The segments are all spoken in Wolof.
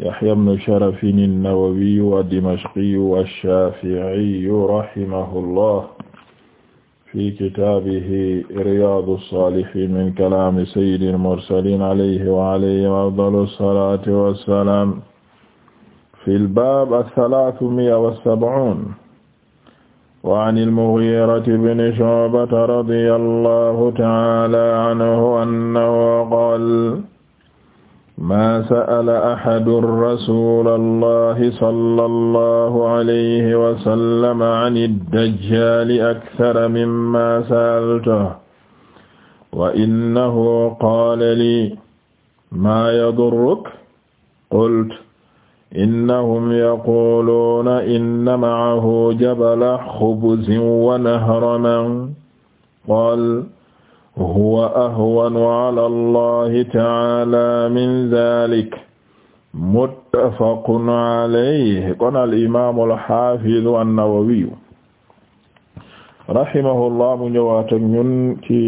Yahya ibn Sharaf an-Nawawi ad-Dimashqi ash-Shafi'i rahimahullah fi kitaabihi Riyaadu s-Saalihiin min kalaami sayyidi l-mursaliin alayhi wa alayhim afdalu s-salaati wa s-salaam fil baab ath-thalaathami'a wa s-sab'uun wa 'an al-Mughiira ibn Shu'ba radiyallahu ta'aala anhu annahu qaala maa sa'ala axadun rasuula allahi sallallahu alayhi wa sallam ani dajjaali akthara mimmaa sa'altahu wa innahu qaala lii maa yadurruk qultu innahum yaquuluuna inna ma'ahu jabalan xubzin wa nahran qaala huwa ahwanu ala allahi taala min dalik muttafaqun alayhi kon al imaamu alxafidu annawawiyu rahimahullah mu ñëwaat ak ñun ci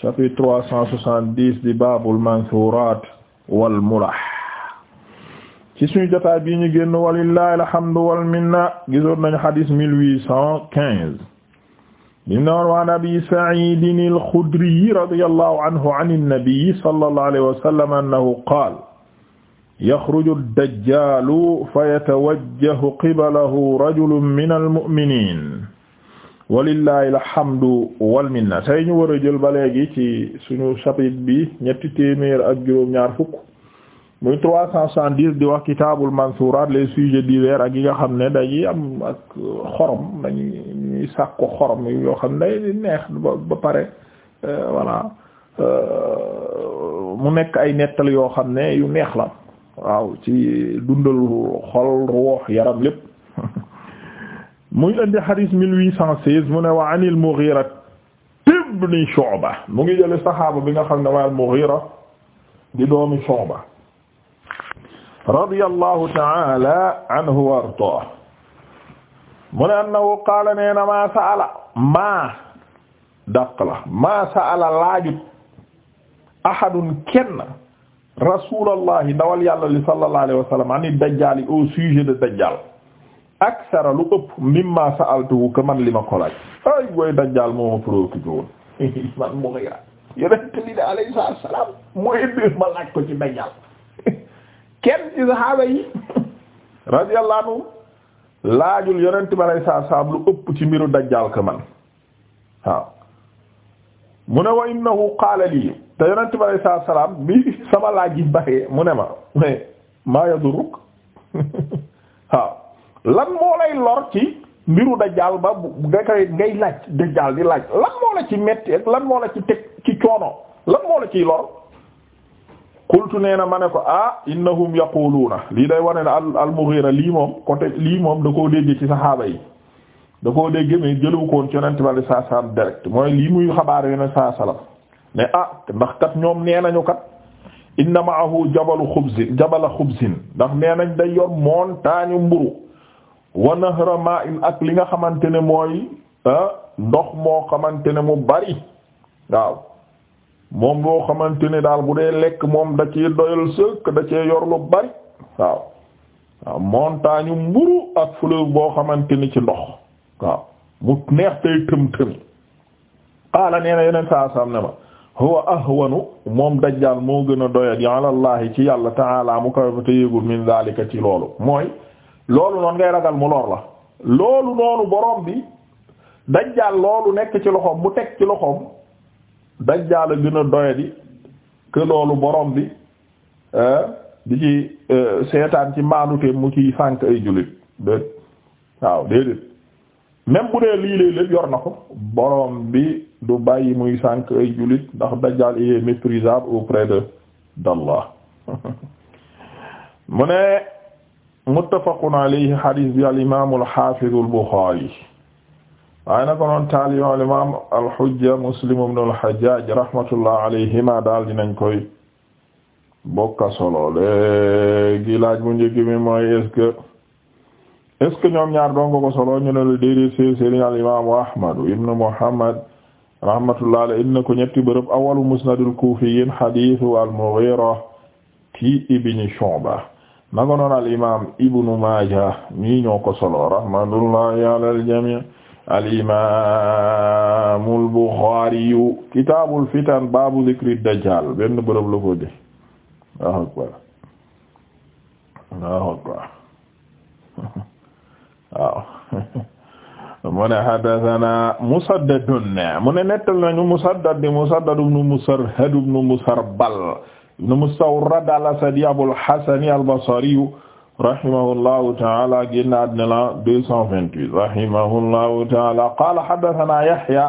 chapitre trois cent soixante-dix di baabul mansuuraat wal mulah ci suñu jotaay bii ñu génn walillahi alhamdu wal minna gisoon nañu xadis mille huit cent quinze lim na war waan abi saidin alxudriyi radi allahu anhu an annabiyi sala allah alayhi wa sallam annahu qaal yaxruju addajjalu fa yatawajjahu qibalahu rajulun min almuminin walillahi alhamdu walminna tey ñu war a jël ba léegi ci suñu chapitre bi ñetti téeméer ak juróom-ñaar fukk muy trois cent soixante-dix di wax kitaabul mansuuraat les sujets divers ak yi nga xam ne dañuy am ak xorom dañuy ñuy sàkku xorom yoo xam ne neex ba ba pare euh, voilà euh, mu nekk ay nettali yoo xam ne yu neex la waaw ci dundal xol ruux yaram lépp muy indi xadis mille huit cent seize mu ne wa anil Mughira ibn Shu'ba mu ngi jële saxaaba bi nga xam ne waal Mughira di doomi Shu'ba radiyallahu ta'ala anhu wa ardaahu mu ne annahu qaala nee na maa sa'ala maa dàq la maa sa'ala laajut ahadun kenn rasulallahi ndawal yàlla li sallallahu alayhi wa sallam ani dajjaal au sujet de dajjaal aksara lu ëpp mimma sa'altuhu ka man li ma ko laaj ay booy dajjaal moo ma préoccupé woon man Mughira yonent bi de alayhi salaam mooy indi ma laaj ko ci dajjaal kenn ci saxaaba yi radiyallahu anhu laajul yonent bi alay saa saam lu ëpp ci mbiru dajjaal ka man waaw mu ne wa innahu qaala lii te yonent bi alay saa salaam bi sama laaj yi baxee mu ne ma mais maa yaduruk waaw lan moo lay lor ci mbiru dajjaal ba nga koy ngay laaj dajjaal di laaj lan moo la ci metti ak lan moo la ci teg ci coono lan moo la ciy lor qultu nee na ma ne ko ah innahum yaquluuna lii day wane ne al al-Mughira lii moom côté lii moom da ko dégg ci saxaaba yi da koo dégg mais jëlewu koon ci yonente bi saa salaam direct mooy lii muy xabaar yonent saa salaam ne ah ndax kat ñoom nee nañu kat inna ma'ahu jabalu xubzin jabala xubzin ndax nee nañ day yor montagne mburu wa nahra ma'in ak li nga xamante ne mooy ah, ndox moo xamante ne mu bari waaw moom boo xamante ne daal bu dee lekk moom da ci doyal sëkk da cee yor lu bari waaw waaw montagne mburu ak fleuve boo xamante ni ci ndox waaw mu neex tey tëm tëm qaala nee na yeneen saa saam ne ma huwa ahwanu moom dajjaal moo gën a doyadi alallahi ci yàlla ta'ala mu kawe fa te yéegul min zalika ci loolu mooy loolu noonu ngay ragal mu lor la loolu noonu borom bi dajjaal loolu nekk ci loxoom mu teg ci loxoom dajjaal a gën a doyadi que loolu boroom bi eh, di ci eh, seetaan ci maanute mu ci sànk ay jullit déet waaw déedéet même bu dee lii lay lépp yor na ko borom bi du bàyyi muy sànk ay jullit ndax dajjaal il est méprisable auprès de d'Allah mu ne muttafaqun alayhi hadith bi al imaam al haafidh waaye nag noonu taaliba al muslim ibn al rahmatullah alayhima daal dinañ koy bokka solo léegi laaj bu njëkk mi mooy est-ce ñoom ñaar doon ko solo ñu ne la déedéet si sëriñ Ahmad ibn Muhammad rahmatullah alayhi inna ko ñetti bërëb awwalu musnadul kuufiyyiin hadiisu al ti ibn Shu'ba nag imaam Ibn Maaja ñii ko solo rahmatullahi ala jamii' al-imaamu al-Buxaariyu kitaabul fitan baabu zikri dajjaal benn bërëb la ko def Allahu akbar Allahu akbar waaw mu ne haddasanaa Musaddadun mu ne nettal nañu Musaddad di Musaddad ibnu Musarhad ibnu Musarbal ibnu Mustawrad al-Asadi Abul Hasan al-Basriyu rahimahullahu taala génnaat na la 228 rahimahullahu taala qaala haddathana Yahya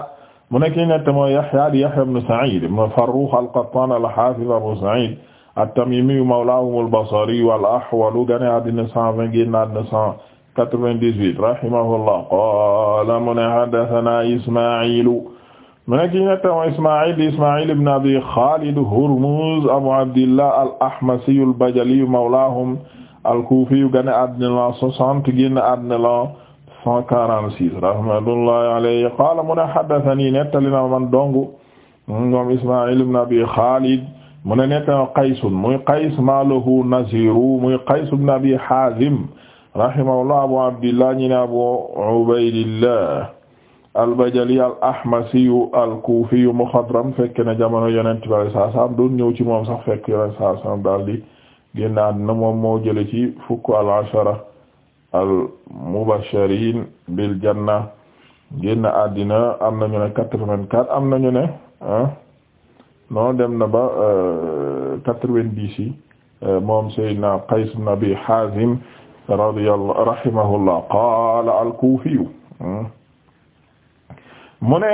mu nekk nett mooy Yahya di Yahya ibn Sa'id ibn Farrukh al-Qattan al-Hafiz Abu Sa'id at-Tamimi mawlahum al-Basri wal-Ahwal génn àddina 120 génn àddina 198 rahimahullah qaala mu ne haddathana Isma'il mu nekk nett mooy Isma'il di Isma'il ibn Abi Khalid Hurmuz Abu Abdillah al-Ahmasi al-Bajali mawlahum al-Kufi yu gane àddina la 60 génn àddina la 146 rahmatullahi alayhi qaala mu ne haddathanii nettali na man dong moom Isma'il ibn Abi Khalid mu ne nettali Qays muy Qays maa lahu naziru muy Qays ibn Abi Hazim rahimahullah Abu Abdillah ñi ne Abu Ubaydillah al-Bajali al-Ahmasi al-Kufi mukhadram fekk na jamono Yonent bi sallallahu alayhi wa sallam doon ñëw ci moom sax fekk Yonent sallallahu alayhi wa sallam daldi génnaat na moom moo jële ci fukk al ashara al mubashirin bil janna génn àddina am nañu ne quatre-vingt-quatre am nañu ne non dem na ba euh, quatre-vingt-dix yi euh, moom Seydina Qays ibn Abi Hazim radiyallahu rahimahullah qaala al-Kufi mu ne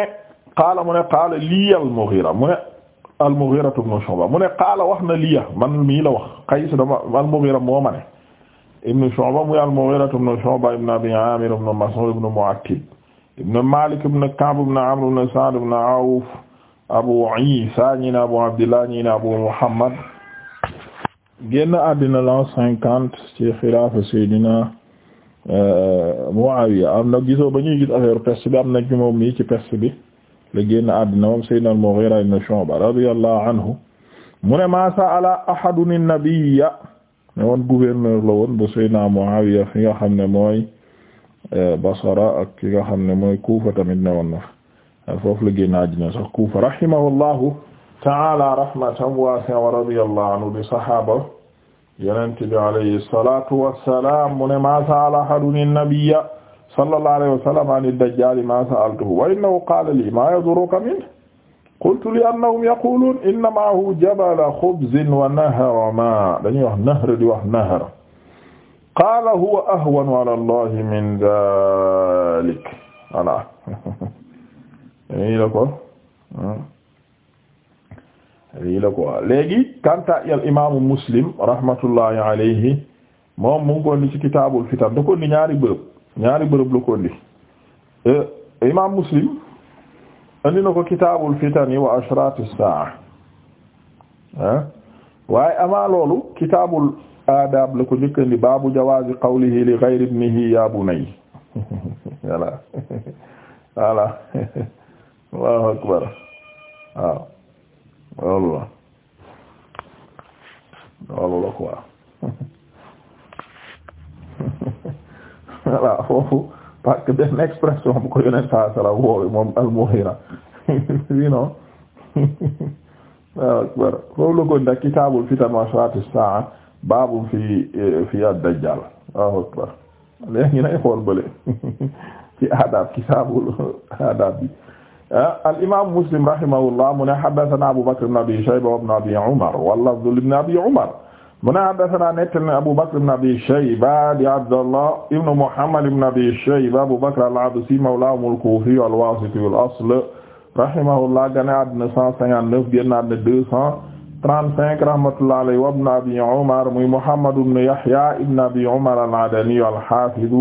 qaala mu ne qaala liyal Mughira mu ne al-Mughira ibn Shu'ba mu ne qaala wax na liya man mii la wax Qays dama al-Mughira moo ma ne ibn Shu'ba muy al-Mughira ibn Shu'ba ibn Abi Amir ibn Mas'ud ibn Mu'attib ibn Malik ibn Ka'b ibn Amr ibn Sa'd ibn Awf Abu Isa ñi Abu Abdillah ñi Abu Muhammad génn àddina la cinquante ci xilaafa Seydina euh, Muawiya am na gisoo ba ñuy gis ci moom mii ci peste bi la génn àddina moom sayyidina al-Mughira ibn Shu'ba radiyallahu anhu mu ne ma sa'ala ahadun an-nabiyya ne woon gouverneur la woon ba sayyidina Muawiya fi nga xam ne mooy eh, Basra ak ki nga xam ne mooy Kufa tamit ne woon na foofu la génn àddina sax Kufa rahimahullahu ta'ala rahmatan wasi'a wa radiyallahu anhu di sahaaba yonent bi alayhi salatu wassalam mu ne ma sa'ala ahadun an-nabiyya sallallahu alayhi wa sallam an ad-dajjal ma sa'altuhu wa innahu qala li ma yadurruka min qultu li annahum yaqulun innama huwa jabal khubzin wa nahru ma dañuy wax nahr di wax nahr qaala huwa ahwan ala allah min dhalik voilà lii la ko hmm. lii la ko léegi kanta al imaamu muslim rahmatullahi alayhi moom mu ngi ko ni ci kitaabul fitan da ko ni ñaari bërëb ñaari bërëb la ko indi e, imam muslim andi na ko kitaabul fitani wa ashrat as-sa'a ah waaye amaa loolu kitaabul adab la ko njëkk indi baabu jawaazi qawlihi li ghayri ibnihi ya bunay voilà voilà allahu akbar waaw loolu la loolu la quoi voilà foofu parce que benn expression bu ko yoneen saa sala woowe moom al-Mughira sinon waaw akbar foofu la ko ndax kitaabul fitan wa ashraatu saa'a baabun fi fi ad-dajjaal waaw akbar léegi nay xool bële ci adab kitaabul adab bi ah, al imaam Muslim rahimahullah mu ne haddathana Abu Bakr ibn Abi Shayba wa ibn Abi Umar wa lafdhu ibn Abi Umar mu ne haddasanaa nettali na Abu Bakr ibn Abi Shayba di Abdallah ibn Muhammad ibn Abi Shayba Abu Bakr al-Absi mawlaahum al-Kuufi al-Waasiti al-asl rahimahullah gane àddina 159 génn àddina 235 rahmatullahi alayhi wa ibn Abi Umar muy Muhammad ibn Yahya ibn Abi Umar al-Adani al-Haafiz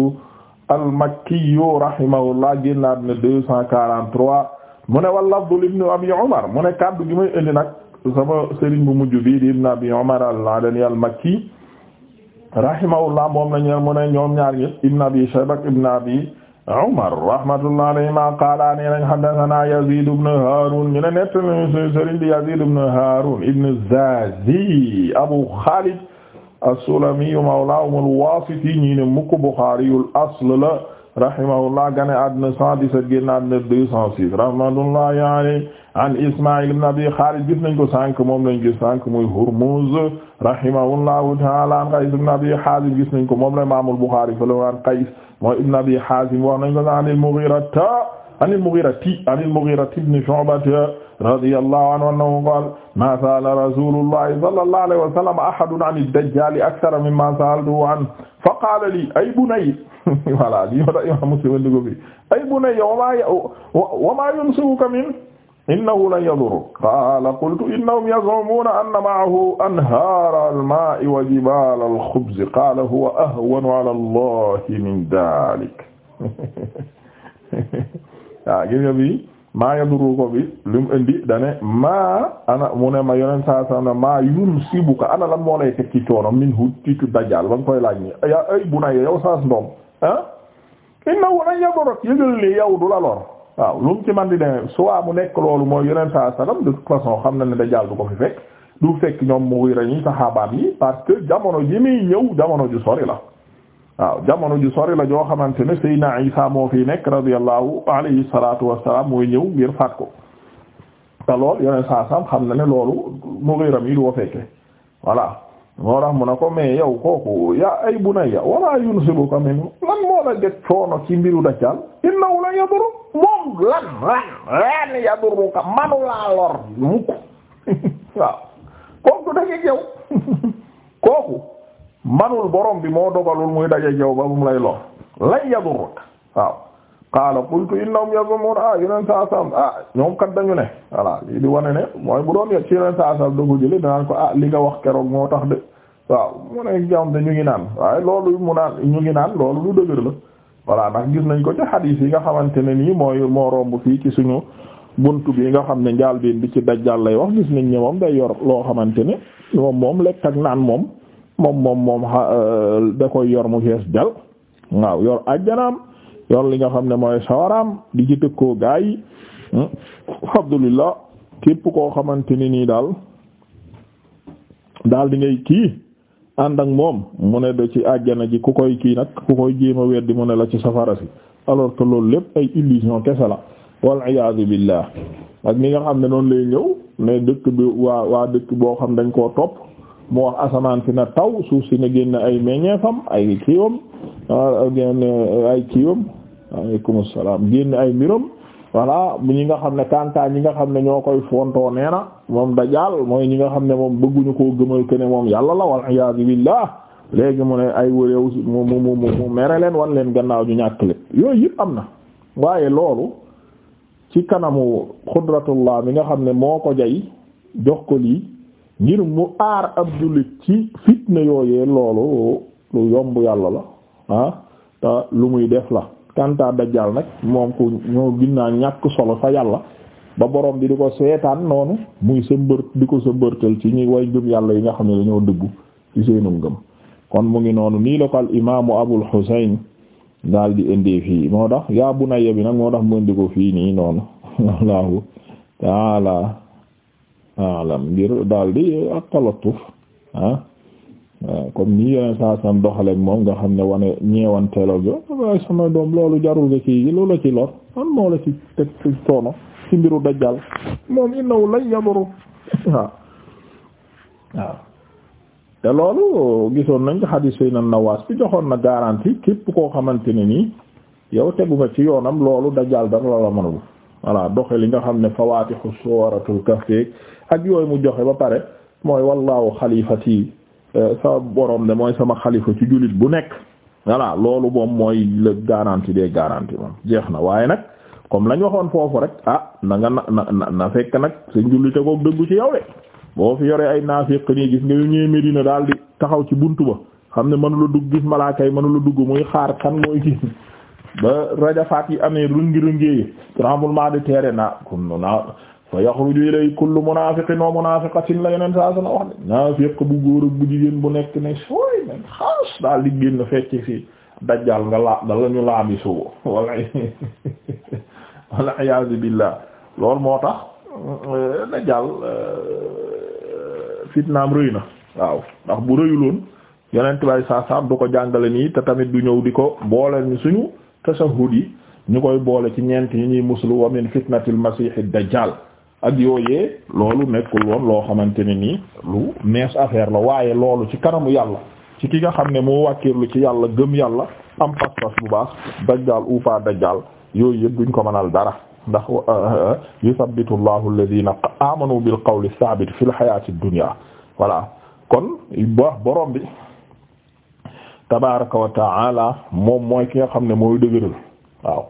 al-Makki rahimahullah génn àddina 243 mu ne wa lafdu ibn Abi Umar mu ne kaddu gi muy indi nag sama sëriñ bu mujj bi di ibn abi umar al-adani al-makki rahimahullah moom la ñu mu ne ñoom ñaar ñëpp ibn abi shayba ibn abi umar rahmatullah alayhima qaala nee nañ haddathana yazid ibn harun ñu ne nett nañu sëriñ bi yazid ibn harun ibn zazi abu khalid as-sulami mawlahum al-wasiti ñi ne mukk bukhari al-asl la rahimahullah gane àdduna 117 génn àdduna 206 rahmatullahi alayhi an Ismaïl ibn Abi Khalid gis nañ ko sànq moom lañ gis sànq muy Hurmuz rahimahullahu ta'ala an Qays ibn Abi Hazim gis nañ ko moom la Imam al-Bukhari fa la an Qays mooy ibn Abi Hazim wax nañ ko an al-Mughira an al-Mughira an al-Mughira ibn Shu'ba radiyallahu anhu annahu qala ma sa'ala rasulullahi sallallahu alayhi wa sallam ahadun an ad-dajjal akthara mimma sa'altuhu anhu fa qala li ay bunayya voilà li Imam Muslim ay bunayya wa ma yumsikuka min innahu la yadur qaala qultu innahum yazumuuna anna maahu anhaara almaai wa jibaala alxubzi qaala huwa ahwanu ala allahi min dalik waaw gis nga bi maa yaduru ko bi li mu indi dane maa ana mu ne ma yoneen saa saa ne maa yunsibuka ana lan moo lay teg ci coono minhu ci dajjaal ba nga koy laaj ni ay bu na yow saas ndoom ah innahu la yadur yëgal li yow du la lor waaw lu mu ci man di demee soit mu nekk loolu mooy yeneen saa salaam de toute façon xam na ne dajaal du ko fi fekk du fekk ñoom mu wér ñi yi parce que jamono ji muy ñëw jamono ju sori la waaw jamono ju sori la joo xamante ne Seydina Isa moo fi nekk radiyallahu alayhi salaatu wassalaam mooy ñëw ngir faat ko te lool yeneen saa salaam xam na ne loolu mu wéram yi du ko fekke voilà moo tax mu ne ko mais yow kooku yaa ay bunayya wala yunsibuka minhu lan moo la gët coono ci mbiru dajjal innahu la yadurru moom lan lan lan yadurruka manu laa lor mukk waaw kooku dajeeg yow kooku manul borom bi moo dogalul muy dajeeg yow ba mu lay lor lan yadurruka waaw qaala qultu innahum yazumuun ah yeneen saa saam ah ñoom kat dañu ne voilà lii di wane ne mooy bu doon ci yeneen saa saam da ko jëlee danaan ko ah li nga wax keroog moo tax de waaw mu ne jàmm ñu ngi naan waaye loolu mu naan ñu ngi naan la. voilà ndax gis nañ ko ci xadiis yi nga xamante ne nii mooy moo romb fii ci suñu buntu bi nga xam ne njaal bi ci dajjal lay wax gis nañ ne moom day yor loo xamante ne moom moom lekk ak naan moom moom moom moom euh, da koy yor mu fees jal waaw yor ajjanaam yor li nga xam ne mooy sawaraam di ci tëkkoo gaa yi hmm? alhamdulillah képp koo xamante ni nii daal daal di ngay kii ànd ak moom mu ne da ci àjjana ji ku koy kii nag ku koy jéem a weddi mu ne la ci safara si alors que loolu lépp ay illusion kese la wal iyaadu billah ak ni nga xam ne noonu lay ñëw ne dëkk bi waa waa dëkk boo xam dañ koo topp mu wax asamaan fi na taw suuf si na génn ay meññeefam ay kiiwam génn euh, ay kiiwam aleykum salaam génn ay mbiram voilà ñi nga xam ne kantaa ñi nga xam ne ñoo koy fontoo nee na moom dajaal mooy ñi nga xam ne moom bëgguñu ko gëmal ke ne moom yàlla la wal iyaazu billah léegi mu ne ay wëréew mu mu mu mere leen wan leen gannaaw ñu ñàkk leen yooyu yëpp am na waaye loolu ci kanamu xudratullah mi nga xam ne moo ko jay jox ko lii ngir mu aar ab jullit ci fitna yooyee loolu lu yomb yàlla la ah lu muy def la kanta dajjal nag moom ku ñoo ginnaa ñàkk solo fa yàlla ba borom bi di ko seetaan noonu muy sëmbër di ko sëmbërtal ci ñuy way ngëm yàlla yi nga xam ne dañoo dëggu ci seenum ngëm kon mu ngi noonu nii la ko al imaamu abul husayn daal di indi fii moo tax yaa bu na yebi nag moo tax mu indi ko fii nii noonu wallahu taala alam ngir daal di ak talatuf ah. waaw comme nii yeneen saa san doxaleeg moom nga xam ne wane ñeewanteeloo bi waaye sama doom loolu jarul nga ci lu la ci lor man moo la ci teg ci coono ci mbiru dajjal moom innahu lan yadurru waaw waaw te loolu gisoon nañ ko xadiis yi nan nawaas bi joxoon na garantie képp koo xamante ne nii yow tegu nga ci yoonam loolu dajjal dara la la mënul voilà li nga xam ne fawaatixu suwaratul kahfi ak yooyu mu joxe ba pare mooy wallaahu xalifati Euh, sa borom de mooy sama xalifa ci jullit bu nekk voilà loolu moom mooy le garanti des garanties moom jeex na waaye nag comme lañ waxoon foofu rek ah na nga na na na fekk nag sa njullite koog dëggu ci yow de boo fi yoree ay naafiq nii gis nga ñëwee Medina daal di taxaw ci buntu ba xam ne mënula dugg gis malaaka yi mënula dugg muy xaar kan mooy gis ba rajafaat yi amee rungi-rungee yi tremblement de terre na kon naa fa yaxruju ilay kullu munaafiqin wa munaafiqatin la yeneen saa sana wax ne naafiq bu góor ak bu jigéen bu nekk ne sooy men xaas daal di génn fekk ci dajjal nga laa da la ñu su suwo wala wala iyaazu billah loolu moo tax euh, dajjal euh, fitnaam rëy na waaw ndax bu rëyuloon yeneen tubaab yi saa saam du ko jàngale nii te tamit du ñëw di ko booleel ñu suñu tasahud yi ñu koy boole ci ñeent yi ñuy muslu wa min fitnatil masiihid dajjal ak yooyee loolu nekkul woon loo xamante ne nii lu nees affaire la waaye loolu ci kanamu yàlla ci ki nga xam ne moo wàkkirlu ci yàlla gëm yàlla am pas-pas bu baax dajjaal ou pas dajjaal yooyu yëpp duñ ko mënal dara ndax ah, ah, ah, yusabbitu allahu alladhina amanu bil qawli thabit fil hayati dunya voilà kon baax borom bi tabaraka wa moom mooy ki nga xam ne mooy dëgëral waaw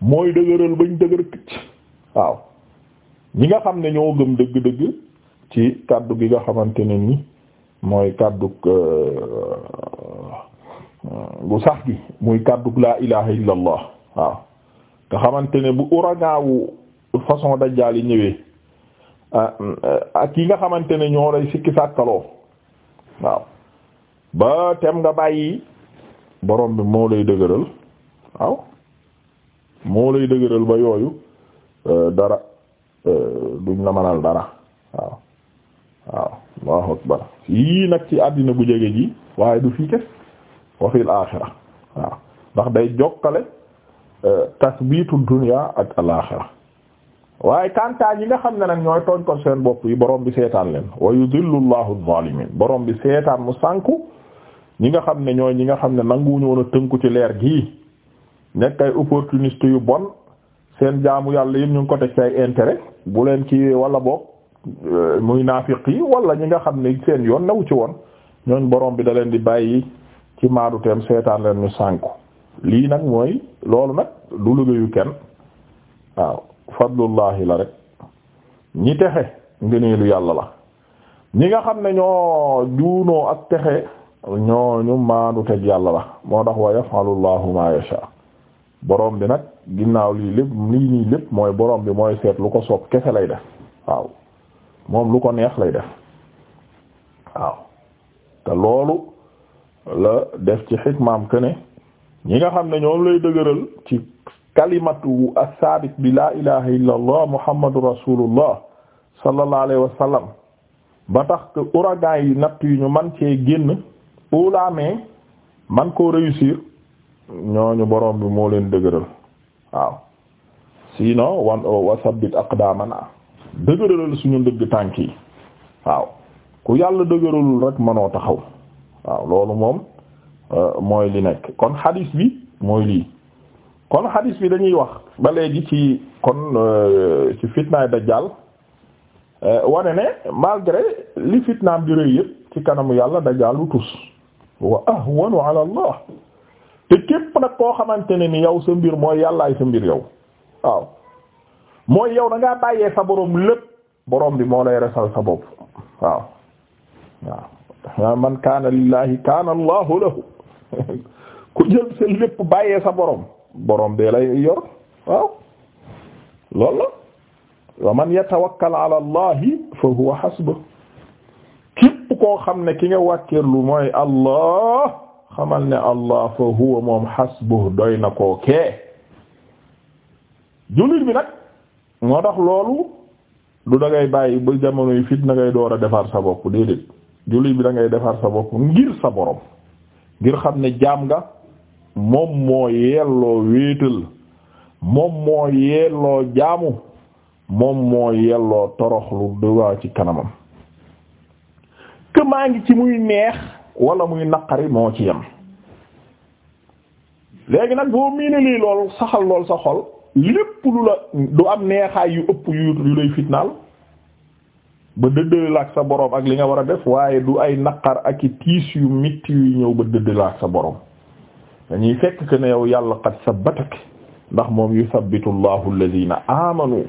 mooy dëgëral bañ dëgër këcc waaw ñi nga xam ne ñoo gëm dëgg-dëgg ci kàddu gi nga xamante ne ni mooy kaddu bu euh, euh, sax gi muy kaddu laa ilaha illa waaw nga xamante ne bu ouragan wu façon dajjaal yi ñëwee ah, euh, ak yi nga xamante ne ñoo lay sikki sàkkaloo waaw ba tem nga bàyyi borom bi moo lay dëgëral waaw moo lay dëgëral ba yooyu dara Euh, duñ la manal dara waaw waaw allahu akbar yii nag ci àddina bu jege ji waaye du fii kese wa fil waaw ndax day jokkale euh, tasbiitu dunya ak alaaxira waaye kantaaj yi nga xam ne nag ñooy tooñ seen bopp yi borom bi seetaan leen wa yudillu llahu zalimin boroom bi seetaan mu sànku ñi nga xam ne ñooy ñi nga xam ne nanguwuñu woon a tënku ci leer gii nekk ay opportuniste yu bon seen jaamu yàlla yëpp ñu ngi ko teg ci ay bu leen kii wala boog euh, muy naafiq yi wala ñi nga xam ne seen yoon newu ci woon ñooñ borom bi da leen di bàyyi ci maadu teem seetaan leen ñu sànku lii nag mooy loolu nag du liggéeyu kenn waaw fadlullahi la rek ñi texe ngëneelu yàlla la ñi nga xam ne ñoo juunoo ak texe ñoo ñu maadu teg yàlla la moo tax wa yaf'alullahu ma yasha boroom bi nag ginnaaw lii lépp lii nii lépp mooy boroom bi mooy seet lu ko soob kese lay def waaw moom lu ko neex lay def waaw te loolu la def ci xikmaam que ñi nga xam ne ñoom lay dëgëral ci kalimatu as-sabit bi la ilaha illa allah muhammadu rasulullah sallallahu alayhi wa sallam ba tax que ouragan yi natt yi ñu man cee génn oulamee man koo réussir ñooñu borom bi moo leen dëgëral waaw sinon wan wa sabbit aqdamana dëgëralal suñu ndëgg tànk yi waaw ku yàlla dëgëralul rek mënoo taxaw waaw loolu moom euh, mooy li nekk kon hadis bi mooy lii kon hadis bi dañuy wax ba léegi ci kon euh, ci fitnaay dajjal euh, wane ne malgré li fitnaam di rëy yëpp ci kanamu yàlla dajjal lu tus wa ahwanu ala allah te képp nag koo xamante ne ni yow sa mbir mooy yàllaay sa mbir yow waaw mooy yow da ngaa bàyyee borom lépp borom bi moo lay resal sa bopp man kaana lillahi kaana allahu lahu ku jël sa lépp bàyyee borom borom bee lay yor waaw wa man yatawakkal ala fa huwa hasbuh képp koo ne ki nga wàkkeerlu mooy allah xamal ne allah fa huwa moom hasbuh doy na koo kee jullit bi nag moo tax loolu du dangay bàyyi ba jamono yi na ngay door a defar sa bopp déedéet jullit bi dangay ngay defar sa bopp ngir sa borom ngir xam ne jaam nga moom moo yelloo wéetal moom moo yelloo jaamu moom moo yelloo toroxlu duwaa ci kanamam que ngi ci muy neex wala muy naqari moo ci yem léegi nag boo miinee lii lool saxal lool sa xol lépp lu la du am neexaay yu ëpp yu lay fitnaal ba dëddale ak sa boroom ak li nga war a def waaye du ay naqar ak i tiis yu mitti yu ñëw ba dëddale ak sa boroom dañuy fekk que ne yow yàlla qad sabbatak ndax moom yusabbitu allahu alladhina amanu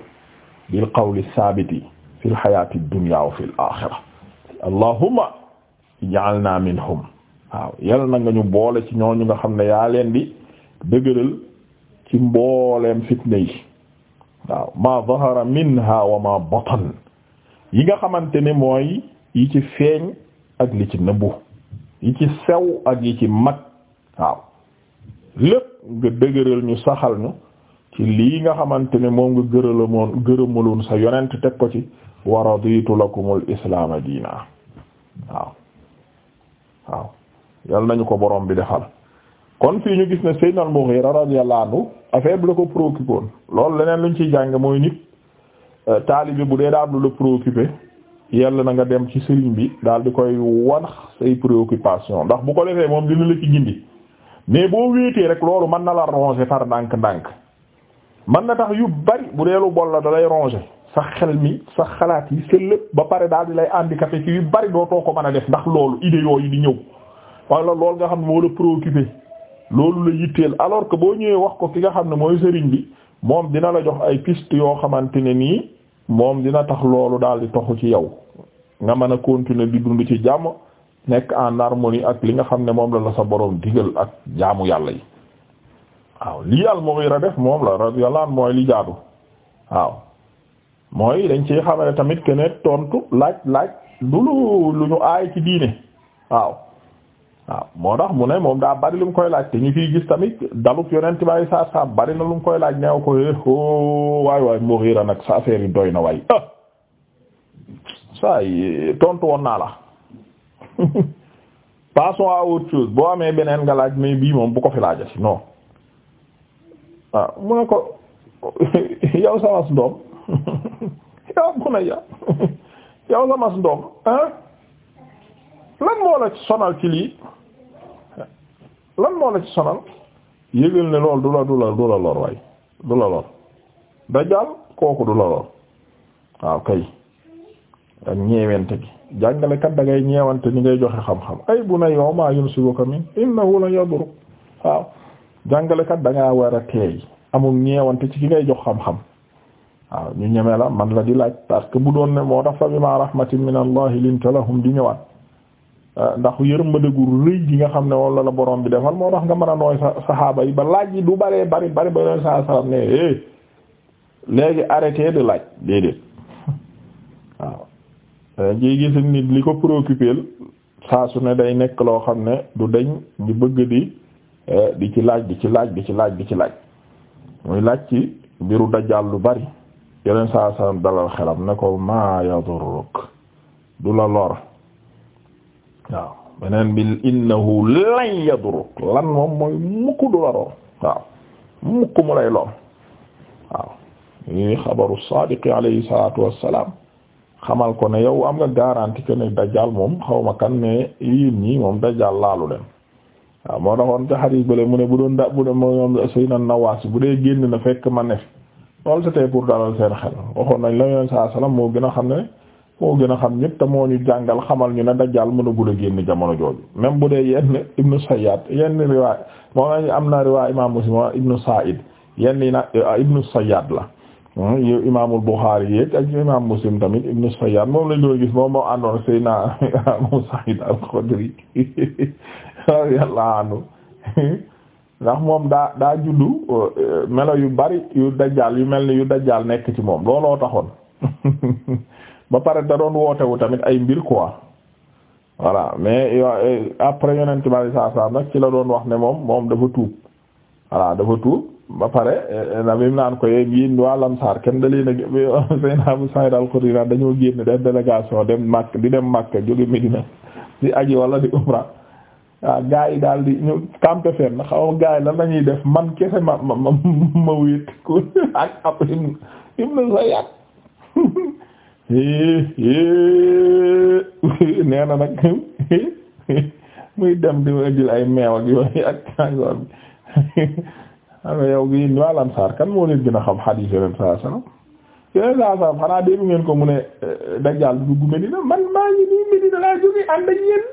bil qawli sabiti fil hayati dunya ja'alna minhum waaw yàlla na nga ñu boole ci ñooñu nga xam ne yaa leen di dëgëral ci mbooleem fitna yi waaw ma zahara minha wa ma batan yi nga xamante ne mooy yi ci feeñ ak li ci nëbbu yi ci sew ak yi ci mag waaw lépp nga dëgëral ñu saxal ñu ci lii nga xamante ne moom nga gërëlamoon gërëmaloon sa yonent teg ko ci wa raditu lakumul islaama diina waaw waaw yal nañu ko borom bi defal kon fii ñu gis na Seydina al-Mughira radiyallahu anhu affaire bi la ko préoccupé woon loolu leneen luñ ciy jàng mooy nit euh, taalibe bu dee daal du la préoccupé yàlla na nga dem ci sëriñ bi daal di koy wax say préoccupation ndax bu ko defee moom dina la ci gindi mais boo wéetee rek loolu mën na la ronger par ndànk-ndànk mën na tax yu bari bu dee lu bol la da lay sa xel mi sa xalaat yi sa ba pare daal di lay handicapé ci yu bari dootoo ko mën a def ndax loolu idée yooyu di ñëw wala loolu nga xam ne moo la préoccupé loolu la yitteel alors que boo ñëwee wax ko ki nga xam ne mooy sëriñ bi moom dina la jox ay piste yoo xamante ne nii moom dina tax loolu daal di toxu ci yow nga mën a continuer di dund ci jàmm nekk en harmonie ak li nga xam ne moom la la sa boroom digal ak jaamu yàlla yi waaw lii al Mughira def moom la radiyallahu anhu mooy li jaadu waaw mooy dañ ci xamane tamit que tontu laaj laaj du lu lu ñu aay ci diine waaw waaw moo tax mu ne moom daa bari lu mu koy laaj te ñu fiy gis tamit daluk yonent bàyyi saa saa bari na lu mu koy laaj neew ko eh, o oh, waay waay Mughira nag sa affaire yi doy na waay ah saay tontu woon naa la passons à autre chose boo amee beneen nga laaj mais bii moom bu ko fi laajati non waaw ah, mu ne ko yow sawas ndoom yaa bunayya yow la mas ndoom lan moo la ci sonal ci lii lan moo la ci sonal yëgal ne loolu du la du la du la lor waay du la lor dajal kooku du la lor waaw kay ak ñeewante gi jàngalekat da ngay ñeewante ni ngay joxe xam-xam ay bunayya maa yunsibuka min innahu la yadurruk waaw jàngalekat da war a teey amul ñeewante ci ki ngay jox xam-xam. waaw ñu ñeme la man la di laaj parce que bu doon ne moo tax fa bima rahmatin min allah linta lahum di ñëwaat euh, ndax yërmande gu rëy gi nga xam ne wala la borom bi defal moo tax nga mën a nooy sa saxaaba yi ba laaj yi du bëree bari bari ba yooyu saa saa ne eh léegi arrêté di laaj déedéet waaw. léegi euh, gis nit li ko préoccupé saa su ne day nekk loo xam ne du dañ di bëgg di euh, di ci laaj di ci laaj di ci laaj di ci laaj muy laaj ci mbiru dajjaal lu bari. yeneen saa salaam dalal xelam ne ko maa yadurruk du la lor waaw beneen bi innahu lan yadurruk lan moom mooy mukk du la lor waaw mukk mu lay lor waaw ñuy xabaru saadiqi alayhi salaatu wassalaam xamal ko ne yow am nga garantie que ne dajjal moom xaw ma kan ne yii ñii moom dajjal laalu leen waaw moo taxoon ca xarit bële mu ne bu doon da bu doon moom Seydina Nawaas bu dee génn na fekk ma ne loolu c'était pour dalal seen xel waxoon nañ la yeneen saa salaam moo gën a xam ne moo gën a xam ñëpp te moo ñu jàngal xamal ñu ne dajjaal mënagul a génn jamono jooju même bu dee yenn ibnu Sayyad yenn riwaay moo nañu am na riwaay imaam Muslim ibnu Sa'id yenn yi nag euh, ibnu Sayyad la hmm, yow imaamul Bukhari yeeg ak imaam Muslim tamit ibnu Sayyad moom lañ doon gis moom moo àndoon Seydina Abu Sa'id al-Khudri radiyallahu anhu ndax moom daa daa juddu euh, melo yu bari yu dajaal yu mel ni yu dajaal nekk ci moom looloo taxoon ba pare da doon wootewu tamit ay mbir quoi voilà mais euh, après yonent bi saa saa nag ci la doon wax ne moom moom dafa tuub voilà dafa tuub ba pare euh, na mi naan ko yeeg eh, yi waa Lamsaar kenn da leen a seen Abu Sa'id al-Khudri dañoo génn def délégation dem Makka di dem Makka jóge Medina di aji wala di umra waaw gaa yi daal di ñu campé fenn xaw ma gaa yi la ñuy def man kese ma ma ma ma wéet ko ak ab im im na nee na nag muy dem di jël ay meew ak yooyu ak yoon bi yow gi waa Ansaar kan moo leen gën a xam xadiis yeneen saa salaam yeneen saa salaam xanaa dégg ngeen ko mu ne eh, Dajjaal dugg Medina man maa ngi nii Medina laa jógee ànd ak yéen.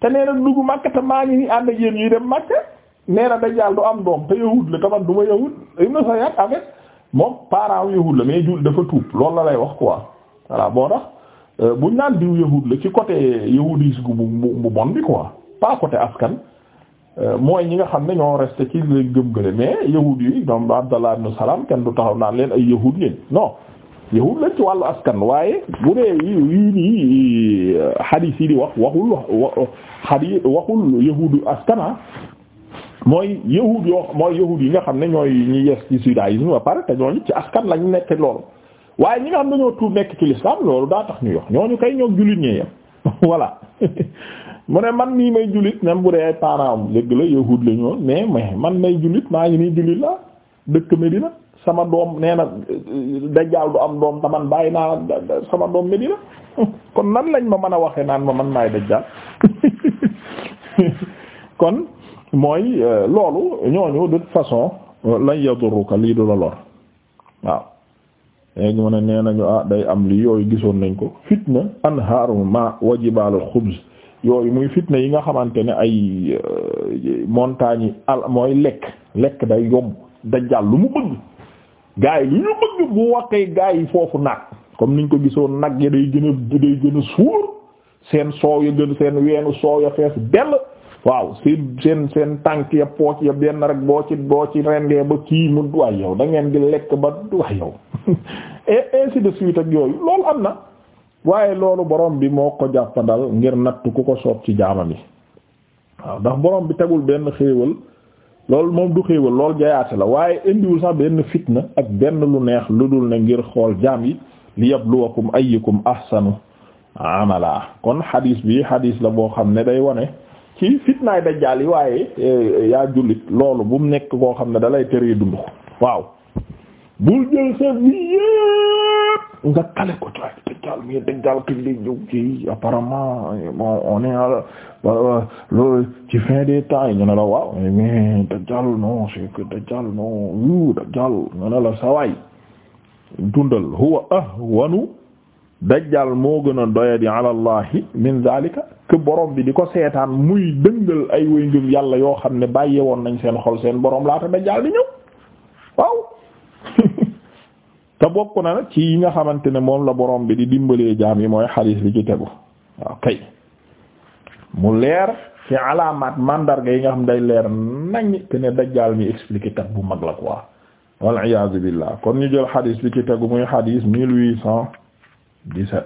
te nee na dugg te maa ngi ànd ak yéen ñuy dem Makka nee na Dajjaal du am doom te yahud la te man du ma yahud Ibn Sayyad avec moom parent yahud la mais jul dafa tuub loolu la lay wax quoi voilà boo tax euh, buñ naan diw yahud la ci côté yahudis gu bu bu bon bi quoi pas côté askan euh, mooy ñi nga xam ne ñoo resté ci gëm gële mais yahud yi ñoom Abdallah ibn Salam kenn du taxaw naan leen ay yahud leen non. yahut lañ ci wàllu askan waaye bu dee yii nii hadith yi di wax waxul hadith waxul yahudu askana ah. mooy yahud yoo mooy yahud yi nga xam ne ñooy ñi yes ci judaïsme ba pare te ñooñu ci askan lañ nekk loolu waaye ñi nga xam dañoo tuub nekk ci l'islam loolu daa tax ñu yox ñooñu kay ñoo jullit ñee yam voilà mu ne man nii may jullit même bu dee ay parents am dëgg la yahud la ñoon mais man may jullit maa ngi nii jullit la dëkk Medina sama doom nee na dajjaal du am doom taman bàyyi naa sama doom Medina kon nan lañ ma man a waxee naan ma man maay dajjaal kon mooy euh, loolu ñooñu de toute façon euh, lañ yadurruka lii du la lor waaw léegi mu ne nee nañu ah day am lii yooyu gisoon nañ ko fitna anharu ma wajibaalu xubz yooyu muy fitna yi nga xamante ne ay euh, montagne al mooy lekk lekk day yomb dajjaal lu mu bëgg gaa yi lu ñu bëgg bu waxee gaa yi foofu nag comme niñ ko gisoon nag ya day gën a suur seen soow ya gën seen weenu soow ya fees dell waaw seen seen tànk ya pooc ya benn rek boo ci boo ci rendee ba kii mu waay yow da ngeen di lekk ba waay yow et ainsi de suite ak yooyu loolu am na waaye loolu boroom bi moo ko jàppandal ngir natt ku ko soob ci jaama bi waaw ndax borom bi tegul benn xéewal loolu moom du xéewal lool jayaate la waaye indiwul sax benn fitna ak benn lu neex lu dul ne ngir xool jaam yi li yabluwakum ayyukum ahsanu amala kon xadiis bi xadiis la boo xam ne day wane ci fitnaay dajjaal yi waaye eh, yaa jullit loolu bu mu nekk koo xam ne dalay teree dund waaw bul jël sa bi yépp nga tale ko ci waaye dajjal mi dajjal ki li ñëw ci apparemment bon on est loolu ci fin des temps ñu ne la waaw mais dajjal non c'est que dajjal non moo gën a doyadi ala min zalika que borom bi di ko seetaan muy dëngal ay way ngëm yàlla yoo xam ne bàyye woon nañ seen xol seen borom laata dajjal di ñëw waaw te bokk na nag ci yi nga xamante ne moom la borom bi di dimbalee jaam yi mooy xadiis bi ci tegu waaw kay mu leer ci alaamaat màndarga yi nga xam day leer nañ te ne dajjaal mi expliqué kat bu mag la quoi wal iyaazu billah kon ñu jël xadiis bi ci tegu muy xadiis mille huit cent